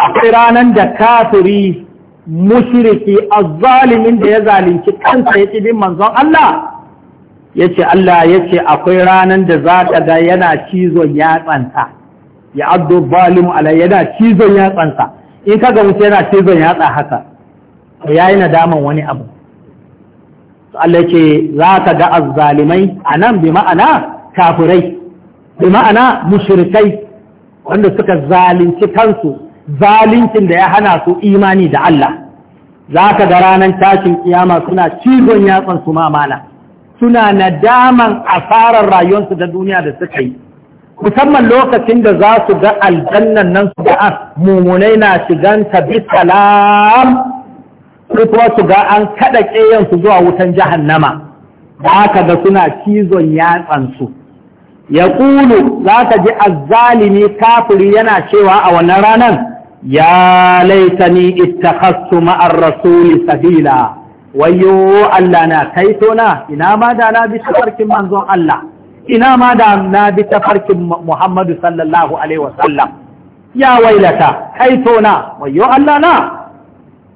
akwai ranar da kafiri mushiriki a zalimin da ya zalunci kansa ya ƙi bin manzon Allah ya ce Allah ya ce akwai ranar da za ta ga yana cizon yatsansa ya abu zalimu ala yana cizon yatsansa in ka ga mutu yana cizon yatsa haka ya yi nadaman wani abu Allah ce za ka ga azzalimai a nan bi ma'ana kafirai bi ma'ana mushrikai wanda suka zalunci kansu zaluncin da ya hana su imani da Allah za ka ga ranar tashin kiyama suna cizon yatsan su mamana suna nadaman asarar rayuwarsu da duniya da suka yi musamman lokacin da za su ga aljannan nan su ga mummunai na shiganta salam. fito su ga an kada ƙeyan zuwa wutan jahannama da aka ga suna cizon yatsansu ya ƙulu za ka ji azzalimi kafiri yana cewa a wannan ranar ya laitani ittakhastu ma'ar rasuli sabila wayo Allah na kaito na ina ma da na bi tafarkin manzon Allah ina ma da na bi tafarkin Muhammadu sallallahu alaihi wasallam ya wailata kaito na wayo Allah na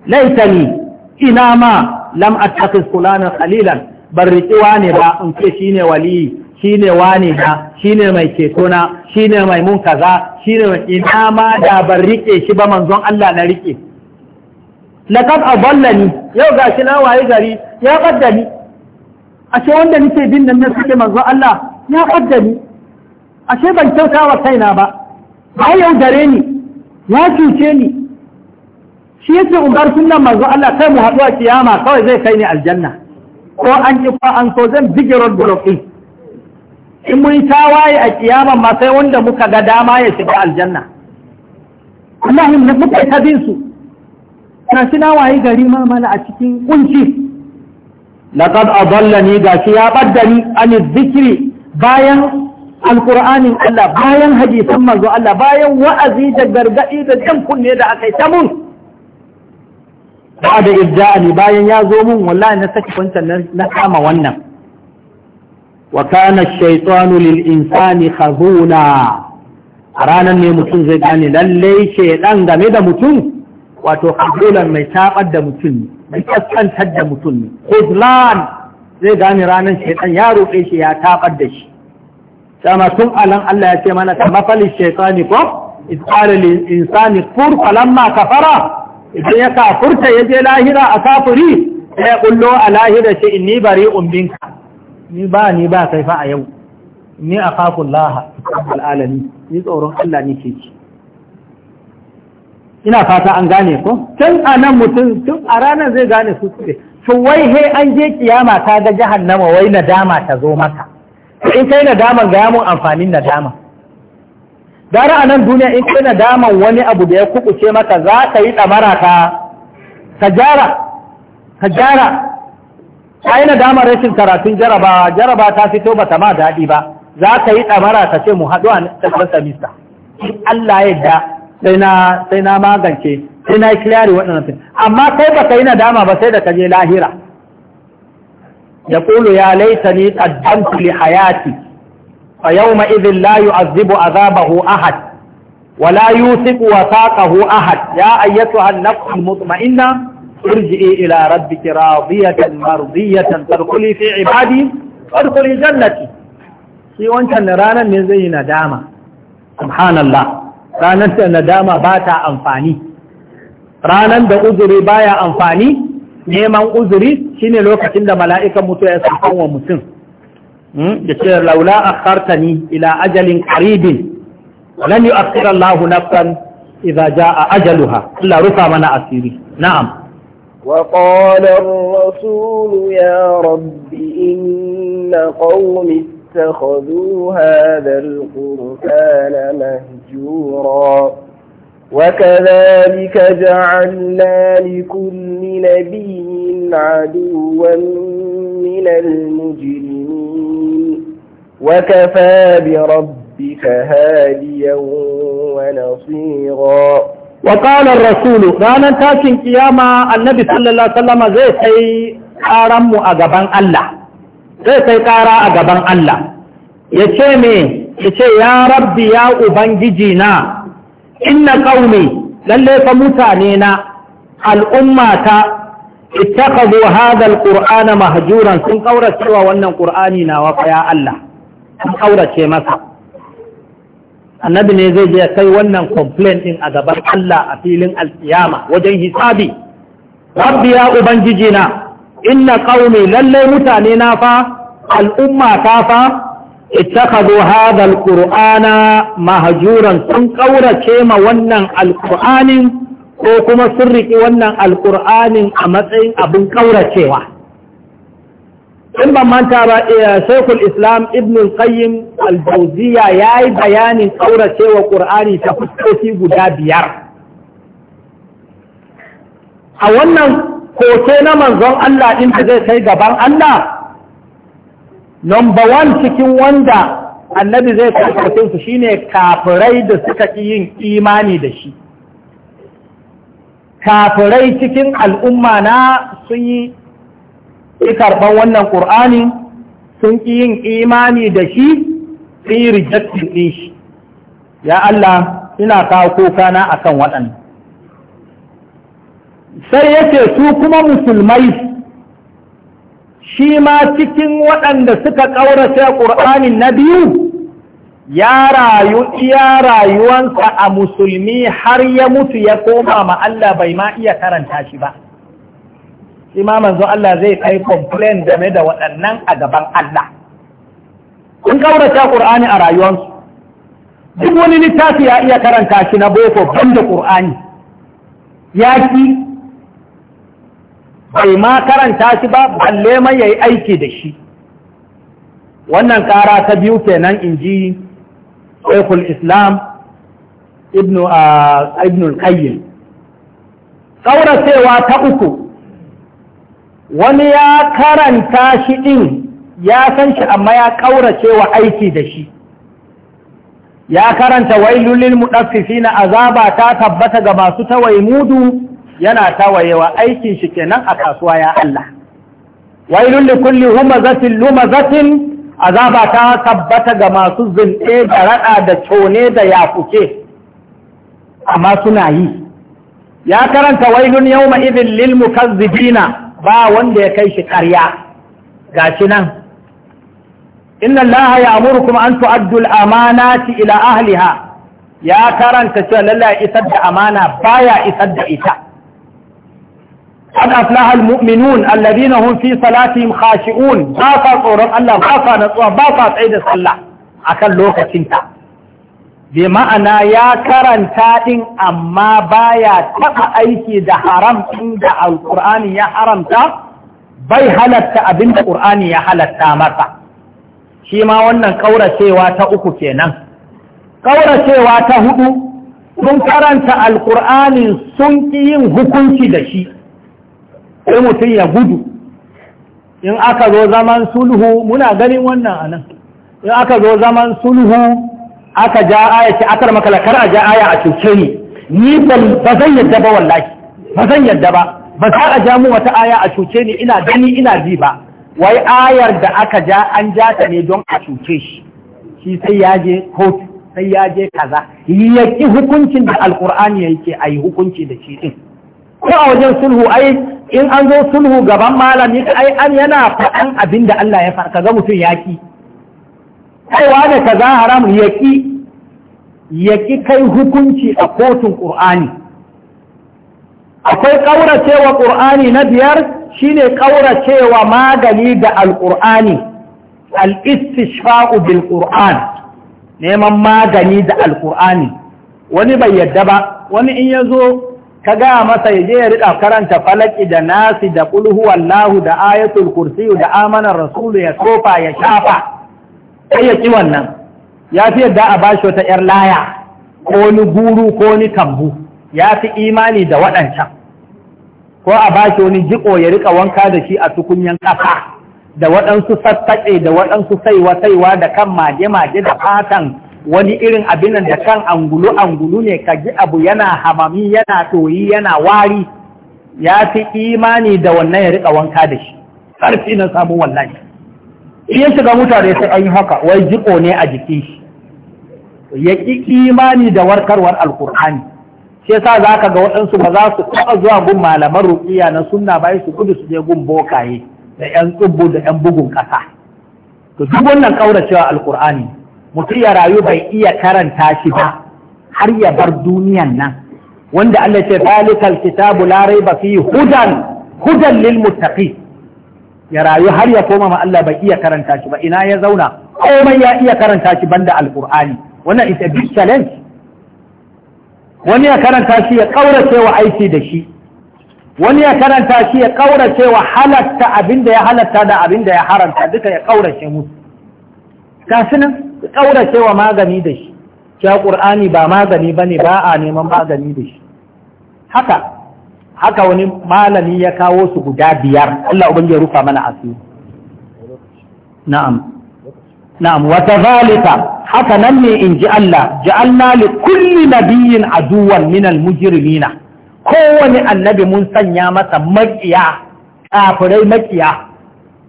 laitani ina ma lam attakhis fulanan khalilan ban riƙiwa ne ba in ce shine wali ne wani na shi ne mai ceto na ne mai mun kaza shine mai ina ma da ban riƙe shi ba manzon Allah na riƙe laqad adallani yau gashi na waye gari ya qaddani ashe wanda nake bin nan ne suke manzon Allah ya qaddani ashe ban kyauta wa kaina ba ba yau gare ni ya cuce ni shi yake ugar sunan manzo Allah kai mu haɗu a kiyama kawai zai kai ni aljanna ko an ki ko an so zan bige road block din in mun tawaye a kiyama ma sai wanda muka ga dama ya shiga aljanna Allah mun muka ta bin su na shi na waye gari ma mala a cikin kunci laqad adallani shi ya baddani an zikri bayan alqur'anin Allah bayan hadisan manzo Allah bayan wa'azi da gargaɗi da jan kunne da akai ta ba da irja'ani bayan ya zo min wallahi na saki wancan na kama wannan wa kana ash-shaytanu lil insani khazuna a ranar ne mutum zai gane lallai shaydan game da mutum wato khazulan mai tabar da mutum mai kaskantar da mutum khuzlan zai gane ranar shaydan ya roƙe shi ya tabar da shi sama tun alan Allah ya ce mana kamar falin shaytani ko إذ قال للإنسان كفر فلما كفر idan ya kafurta ya je lahira a kafuri ya kullo a lahira in inni bari umbinka ni ba ni ba kai fa a yau ni a kafin laha al'alami ni tsoron Allah ni ke ci ina fata an gane ko tun a nan mutum tun a ranar zai gane su suke su wai he an je kiyama ta ga jahannama wai nadama ta zo maka in kai nadaman ga yamun amfanin nadama gara a nan duniya in kana daman wani abu da ya kukuce maka za ka yi ɗamara ka ka gyara ka gyara ka yi nadamar rashin karatun jaraba jaraba ta fito bata ma daɗi ba za ka yi ɗamara ka ce mu haɗu a ƙasar samista in Allah ya yadda sai na sai na magance sai na yi kiliyari waɗannan fin amma kai ba ka yi nadama ba sai da ka je lahira ya Kulu ya laita ni ƙaddamtu li hayati fa yawma idhin la yu'azzibu azabahu ahad wala la yusiqu wasaqahu ahad ya ayyatuha an-nafs al-mutma'inna irji'i ila rabbiki radiyatan mardiyatan tadkhuli fi ibadi wadkhuli jannati shi wancan ranar ne zai yi nadama ranar da nadama ba ta amfani ranar da uzuri baya amfani neman uzuri shine lokacin da mala'ikan mutu ya sakan wa mutum لو لا أخرتني إلى أجل قريب لن يؤخر الله نفسا إذا جاء أجلها إلا رفع من أسيري نعم وقال الرسول يا رب إن قوم اتخذوا هذا القرآن مهجورا وكذلك جعلنا لكل نبي عدوا من المجرمين وكفى بربك هاديا ونصيرا وقال الرسول قال ان تاكن قياما النبي صلى الله عليه وسلم زي سي قارن مو اغبان الله زي سي قارا اغبان الله yace me yace ya rabbi ya ubangiji na inna qaumi lalle fa mutane na al'ummata ta ittakhadhu hadha alqur'ana mahjuran sun kaura cewa wannan ƙur'ani na wa ya Allah an kaurace masa annabi ne zai je kai wannan complaint din a gaban Allah a filin alkiyama wajen hisabi rabbi ya ubangiji na inna qaumi lallai mutane na fa al'umma ta fa ittakhadhu hadha alqur'ana mahjuran sun ƙaurace ma wannan alqur'anin ko kuma sun riƙe wannan alqur'anin a matsayin abin ƙauracewa? in ban manta ba eh, shaikul islam ibn al-qayyim al-jawziya yayi bayanin kauracewa qur'ani ta fuskoki guda biyar a wannan koke na manzon Allah din da zai kai gaban Allah number one cikin wanda annabi zai karfafe su shine kafirai da suka ki yin imani da shi kafirai cikin al'umma na sun yi ki karɓar wannan ƙur'ani sun ƙi yin imani da shi sun yi rejectin ɗin shi ya Allah ina kawo kokana na akan waɗanda. sai yake su kuma musulmai shi ma cikin waɗanda suka ƙaurace ƙur'ani na biyu ya rayu iya rayuwansa a musulmi har ya mutu ya koma ma Allah bai ma iya karanta shi ba. shi ma Allah zai kai complain game da waɗannan a gaban Allah kun kaurata Qur'ani a rayuwarsu duk wani littafi ya iya karanta shi na boko da Qur'ani ya ki bai ma karanta shi ba balle mai yayi aiki da shi wannan kara ta biyu kenan ji Shaykhul Islam Ibn al-Qayyim ah, cewa ta uku wani ya karanta shi ɗin ya san shi amma ya ƙaurace wa aiki da shi ya karanta wai wailulil muɗaffifi na azaba ta tabbata ga masu tawaye mudu yana wa aikin shi kenan a kasuwa ya Allah Wai lullin kulli humazatin lumazatin azaba ta tabbata ga masu zinɗe da raɗa da cone da yafuke amma suna yi ya karanta wailun yau idin lil mukazzibina ba wanda ya kai shi ƙarya shi nan inna allaha an tu'addu al-amanati ila ahliha ya karanta cewa lallai isar da amana baya isar da ita قد أفلح المؤمنون الذين هم في صلاتهم خاشعون باقى قرآن الله باقى نصوى باقى سعيد صلى أكل لوكة bi ma'ana ya karanta ɗin amma baya taɓa aiki da haram ɗin da alƙur'ani ya haramta bai halatta abin da ƙur'ani ya halatta masa shi ma wannan ƙauracewa ta uku kenan ƙauracewa ta hudu sun karanta alƙur'ani sun ƙi yin hukunci da shi sai mutum ya gudu in aka zo zaman sulhu muna ganin wannan anan in aka zo zaman sulhu aka ja aya ce akar maka lakar a ja aya a cuce ni ni ba zan yadda ba wallahi ba zan yadda ba ba za a ja mu wata aya a cuce ni ina gani ina ji ba wai ayar da aka ja an ja ta ne don a cuce shi shi sai ya je kotu sai ya je kaza ya ki hukuncin da alkur'ani yake a yi hukunci da shi din ko a wajen sulhu ai in an zo sulhu gaban malami ai an yana faɗan abin da Allah ya farka ga mutum ya kaiwa da kaza haram yaki yaƙi kai hukunci a kotun ƙur'ani akwai ƙauracewa ƙur'ani na biyar shine ƙauracewa magani da Al-Ƙur'ani. al-istishfa'u bil ƙuran neman magani da Al-Ƙur'ani. wani bai yadda ba wani in ya zo ka ga masa ya ya riƙa karanta falaki da nasi da ƙulhu wallahu da ayatul kursiyu da amanar rasulu ya tsofa ya shafa sai ya ki wannan ya fi yadda a bashi wata ‘yar laya ko ni guru ko ni tambu. ya fi imani da waɗancan ko a bashi wani jiko ya riƙa wanka da shi a tukunyan ƙasa da waɗansu sassaƙe da waɗansu saiwa-saiwa da kan mage-mage da fatan wani irin abin da kan angulu-angulu ne ka ji abu yana hamami yana toyi yana wari ya fi imani da wannan ya riƙa wanka da shi ƙarfi na samu wallahi shi ya shiga mutane sai an yi haka wai jiko ne a jiki shi ya ƙi imani da warkarwar alkur'ani shi yasa za ka ga waɗansu ba za su taɓa zuwa gun malaman ruƙiya na sunna ba su gudu su je gun bokaye da ƴan tsubbu da ƴan bugun ƙasa to duk wannan ƙauracewa alkur'ani mutum ya rayu bai iya karanta shi ba har ya bar duniyan nan wanda Allah ce ɗalikal kitabu Larai raiba fi hudan hudan lil ya rayu har ya koma ma Allah bai iya karanta shi ba ina ya zauna komai ya iya karanta shi banda alqur'ani wannan is a big challenge wani ya karanta shi ya kaurace wa aiki da shi wani ya karanta shi ya kaurace wa halatta abinda ya halatta da abinda ya haranta duka ya kaurace musu gasu nan ya kaurace wa magani da shi cewa qur'ani ba magani bane ba a neman magani da shi haka haka wani malami ya kawo su guda biyar Allah ubangiji ya rufa mana asiri na'am na'am wa kadhalika haka nan ne in ji Allah ja'alna li kulli nabiyyin aduwan min al-mujrimina kowane annabi mun sanya masa makiya kafirai makiya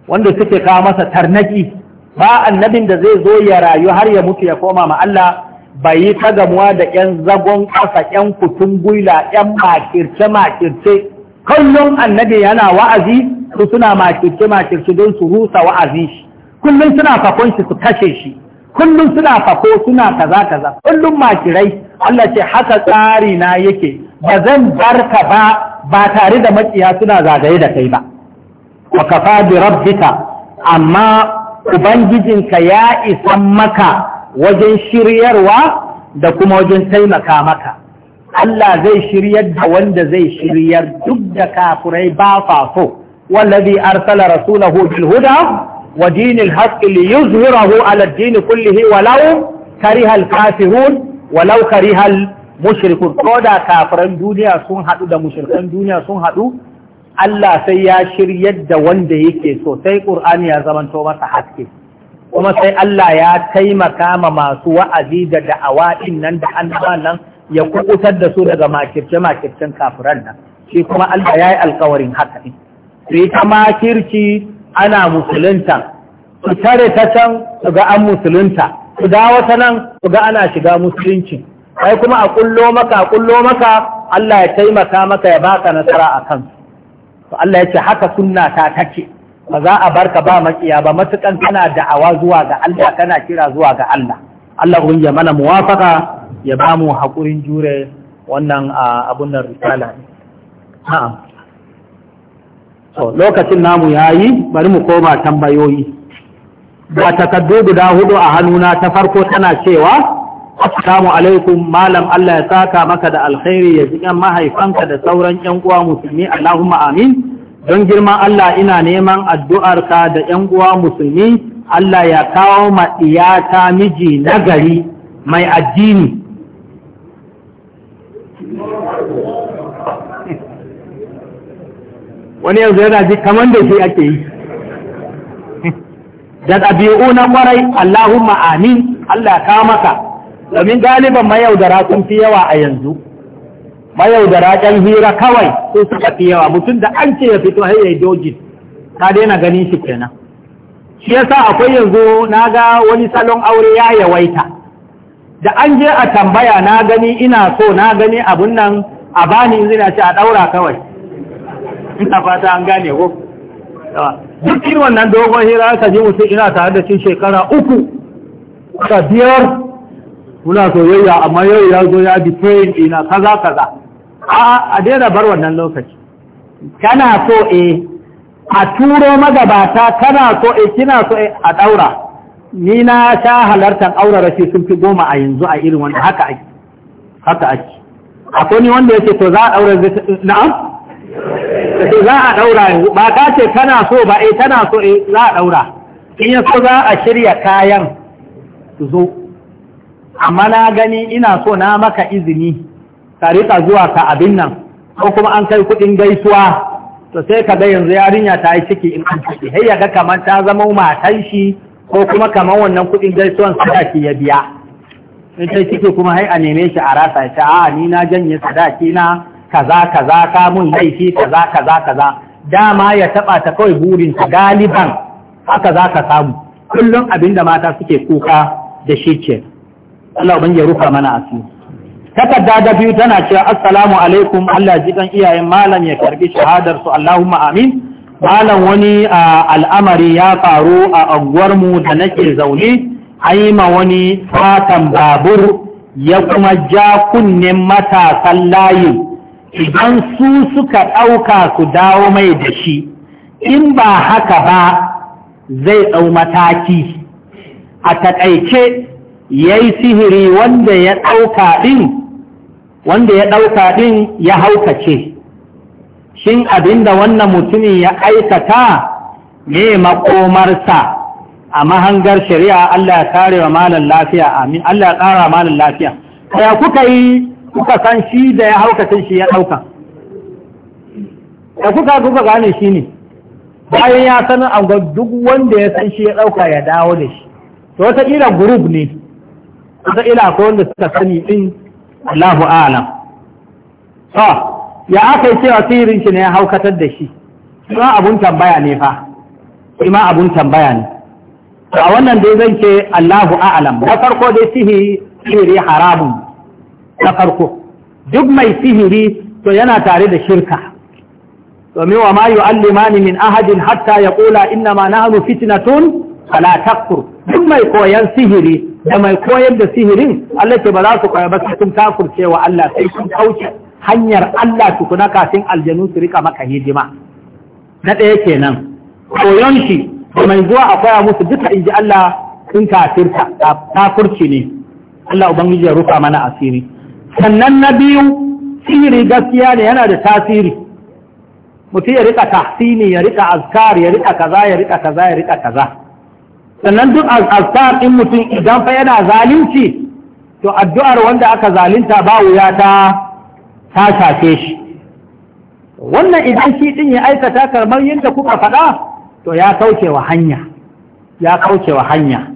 wanda suke kawo masa tarnaki ba annabin da zai zo ya rayu har ya mutu ya koma ma Allah bai yi ta gamuwa da ‘yan zagon ƙasa, ‘yan kutun gwila, ‘yan makirce-makirce, kullum annabi yana wa'azi su suna makirce-makirce don su rusa wa'azi shi, kullum suna fakon shi su kashe shi, kullum suna fako suna kaza-kaza, kullum makirai, Allah ce haka tsari na yake, ba zan bar ka ba ba tare da makiya suna zagaye da kai ba. Wa kafa bi rabbika, amma Ubangijinka ya isan maka wajen shiryarwa da kuma wajen taimaka maka Allah zai shiryar da wanda zai shiryar duk da kafurai ba fafo wallazi arsala rasulahu bil huda wa dinil haqqi liyuzhirahu ala ad-din kullihi walau karihal al-kafirun walau kariha mushrikun ko kafiran duniya sun hadu da mushrikan duniya sun hadu Allah sai ya shiryar da wanda yake so sai Qur'ani ya zamanto masa haske kuma sai Allah ya taimaka ma masu wa'azi da da'awa nan da annaba nan ya kukutar da su daga makirce makircen kafiran nan shi kuma Allah ya yi alkawarin haka ne su ta makirci ana musulunta su tare ta can su ga an musulunta su dawo wata nan su ga ana shiga musulunci ai kuma a kullo maka a kullo maka Allah ya taimaka maka ya baka nasara a kansu to Allah ya ce haka sunna ta take ba za a barka ba makiya ba matukan kana da'awa zuwa ga Allah kana kira zuwa ga Allah Allah ubangi ya mana muwafaka ya ba mu hakurin jure wannan abun nan risala ha so lokacin namu yayi bari mu koma tambayoyi ba takaddu guda hudu a hannuna ta farko tana cewa Assalamu alaikum malam Allah ya saka maka da alkhairi ya jikan mahaifanka da sauran yan uwa musulmi Allahumma amin don girman Allah ina neman addu'arka da ‘yan uwa musulmi Allah ya kawo maɗiyata miji nagari mai addini. Wani yanzu yana ji kamar da shi ake yi. Da ɗabi'u na ƙwarai Allahumma amin Allah ka maka, domin galiban mayaudara sun fi yawa a yanzu. da ƴan hira kawai sun suka fi yawa mutum da an ce ya fito har yi doji ka daina ganin shi kenan shi yasa akwai yanzu na ga wani salon aure ya yawaita da an je a tambaya na gani ina so na gani abun nan a bani in zina ce a ɗaura kawai ina fata an gane ko duk irin wannan dogon hira ka ji mutum ina tare da shi shekara uku ka biyar muna soyayya amma yau ya zo ya bi ina kaza kaza a daina bar wannan lokaci kana so e a turo magabata kana so e kina so e a ɗaura ni na sha halartar rashi sun fi goma a yanzu a irin wanda haka ake haka ake akwai ni wanda yake to za a ɗaura na'am to za a ɗaura yanzu ba ka ce kana so ba e tana so e za a ɗaura in ya so za a shirya kayan zo amma na gani ina so na maka izini ka rika zuwa ka abin nan ko kuma an kai kuɗin gaisuwa to sai ka ga yanzu yarinya ta yi ciki in an ciki hey ya ga kamar ta zama matan shi ko kuma kamar wannan kuɗin gaisuwan sadaki ya biya in ta ciki kuma hai a neme shi a rasa ya ce a'a ni na janye sadaki na kaza kaza ka mun laifi kaza kaza kaza dama ya taɓa ta kawai burin ta galiban haka za ka samu kullum abinda mata suke kuka da shi ce Allah ban ya rufa mana asiri takarda da biyu tana cewa assalamu alaikum Allah ji kan iyayen malam ya karbi shahadar su Allahumma amin malam wani al'amari ya faru a mu da nake zaune aima wani fatan babur ya kuma ja kunnen matasan layi idan su suka ɗauka ku dawo mai da shi in ba haka ba zai ɗau mataki a taƙaice ya yi sihiri wanda ya ɗauka ɗin wanda ya ɗauka ɗin ya haukace shin abinda wannan mutumin ya aikata ne makomarsa a mahangar shari'a Allah ya kare wa malar lafiya amin Allah ya tsara malar lafiya kaya kuka yi kuka san shi da ya haukacin shi ya ɗauka da kuka kuka gane shi ne bayan ya sanar a duk wanda ya san shi ya ɗauka ya dawo da shi to wataƙila gurub ne wataƙila akwai wanda suka sani ɗin Allahu ya aka yi cewa sihirin shi ne ya haukatar da shi kuma abun tambaya ne fa kuma abun tambaya ne to a wannan dai zan ce Allahu alam na farko dai sihiri haramun na farko duk mai sihiri to yana tare da shirka domin wa ma yu'allimani min ahadin hatta ya yaqula inna ma nahnu tun. Kala takfur duk mai koyan sihiri da mai koyar da sihirin Allah ce ba za su koya ba sai sun kafurce wa Allah sai sun kauce hanyar Allah kuna kafin aljanu su rika maka hidima na ɗaya kenan koyon shi da mai zuwa a koya musu duka inji Allah sun kafirta kafurci ne Allah ubangiji ya rufa mana asiri sannan na biyu sihiri gaskiya ne yana da tasiri mutum ya rika tahsini ya rika azkar ya rika kaza ya rika kaza ya rika kaza sannan duk azkar ɗin mutum idan fa yana zalunci to addu'ar wanda aka zalunta ba wuya ta ta shafe shi wannan idan shi din ya aikata kamar yadda kuka faɗa to ya kauce wa hanya ya kauce wa hanya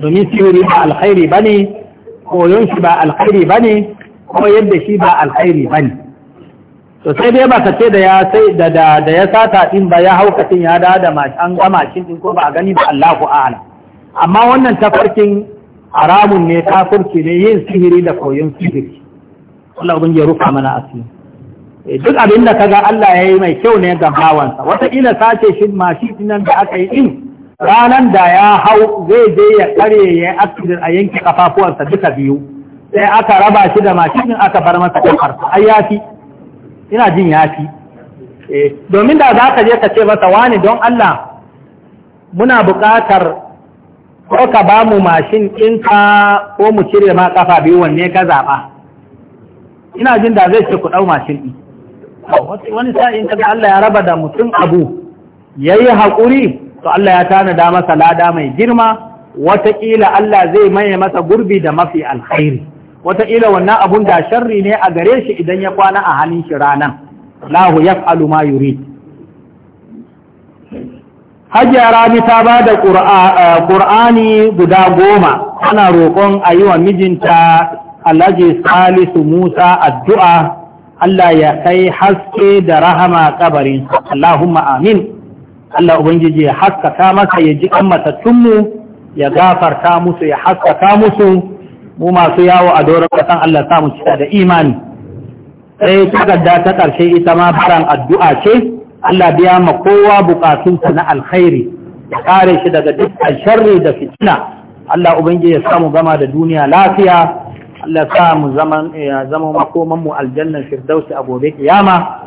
domin siyuri ba alkhairi bane koyon shi ba alkhairi bane ko yadda shi ba alkhairi bane to sai dai ba ce da ya sai da da ya sata din ba ya hauka tin ya da da an ga mashin din ko ba a gani ba Allahu a'ala amma wannan tafarkin haramun ne kafirci ne yin sihiri da koyon sihiri Allah ubangiji ya rufa mana asiri eh, duk abin da kaga Allah ya yi mai kyau ne ga bawansa wataƙila sace shi mashi nan da aka yi in ranan da ya hau zai je ya kare ya accident a yanke kafafuwansa duka biyu sai aka raba shi da mashi aka bar masa kafar ai yafi ina jin yafi eh, domin da za ka je ka ce masa wani don Allah muna buƙatar ko ka ba mu mashin ɗinka ko mu cire ma ƙafa biyu wanne ka zaɓa ina jin da zai ce ku ɗau mashin ɗi wani sa'in kaga Allah ya raba da mutum abu ya yi haƙuri to Allah ya tanada masa lada mai girma wataƙila Allah zai maye masa gurbi da mafi alkhairi wataƙila wannan abun da sharri ne a gare shi idan ya kwana a hannun shi ranan lahu yaf'alu ma yurid hajiya rabi ta ba da ƙur'ani eh, guda goma ana roƙon a yi wa mijinta alhaji salisu musa addu'a Allah ya kai haske da rahama kabarin Allahumma amin Allah Ubangiji ya haskaka masa ya ji ƙan matattunmu ya gafarta musu ya haskaka musu mu masu yawo a doron ƙasan Allah samu cika da imani sai takarda ta ƙarshe ita ma baran addu'a ce Allah biya ma kowa bukatunsa na alkhairi ya kare shi daga dukkan sharri da fitina Allah ubangiji ya samu gama da duniya lafiya Allah sa mu ya zama makoman mu aljanna firdausi a gobe kiyama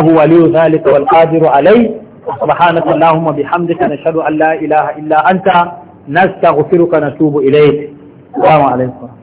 huwa waliyu zalika wal qadiru alai subhanaka allahumma bihamdika nashhadu an la ilaha illa anta nastaghfiruka natubu ilayk assalamu alaikum